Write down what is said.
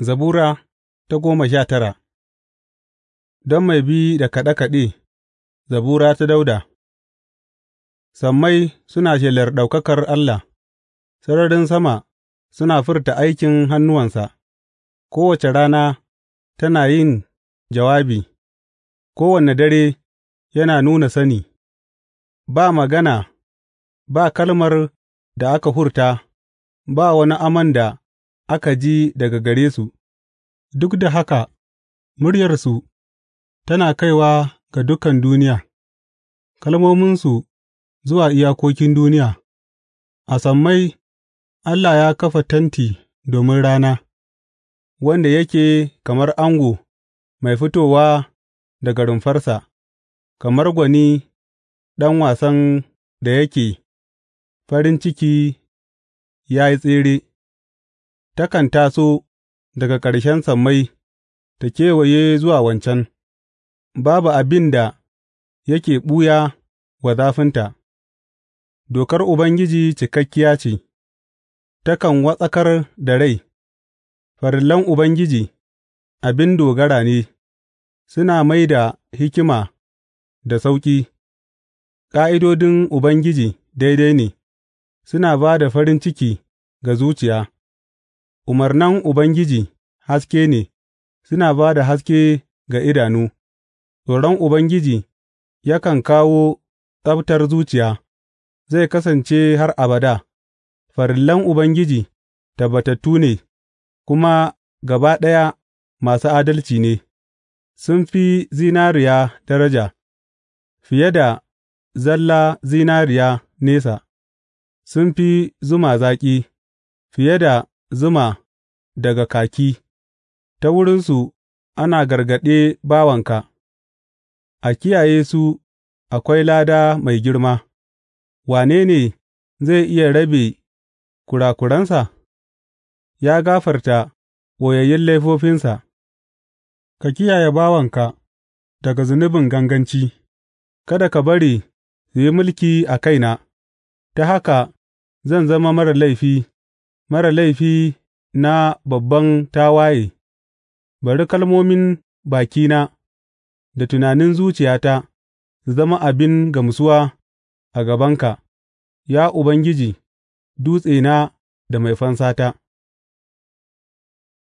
Zabura ta goma sha tara Don mai bi da kaɗe kaɗe, zabura ta Dauda Sammai suna shelar ɗaukakar Allah, sararin sama suna furta aikin hannuwansa, kowace rana tana yin jawabi, kowane dare yana nuna sani, ba magana, ba kalmar da aka hurta, ba wani amanda. da aka ji daga gare su, duk da haka muryarsu tana kaiwa ga dukan duniya, kalmominsu zuwa iyakokin duniya, a sammai Allah ya kafa tenti domin rana, wanda yake kamar ango mai fitowa daga rumfarsa, kamar gwani ɗan wasan da yake farin ciki ya yi tsere. takan taso daga ƙarshen sammai ta kewaye zuwa wancan; babu abin da yake ɓuya wa zafinta, dokar Ubangiji cikakkiya ce, takan watsakar da rai, farillan Ubangiji abin dogara ne, suna mai da hikima da sauƙi, ƙa'idodin Ubangiji daidai ne, suna ba da farin ciki ga zuciya. Umarnan Ubangiji haske ne, suna ba da haske ga idanu; tsoron Ubangiji yakan kawo tsabtar zuciya, zai kasance har abada Farillan Ubangiji tabbatattu ne kuma gaba ɗaya masu adalci ne; sun fi zinariya daraja, fiye da zalla zinariya nesa, sun fi zuma zaƙi, fiye da zuma daga kaki, ta wurinsu ana gargaɗe bawanka; a kiyaye su akwai lada mai girma, wane ne zai iya rabe kurakuransa? Ya gafarta ɓoyayyun laifofinsa; ka kiyaye bawanka daga zunubin ganganci, kada ka bari su yi mulki a kaina, ta haka zan zama marar laifi. marar laifi na babban tawaye, bari kalmomin bakina da tunanin zuciyata su zama abin gamsuwa a gabanka, ya Ubangiji, Dutsena da Mai fansata.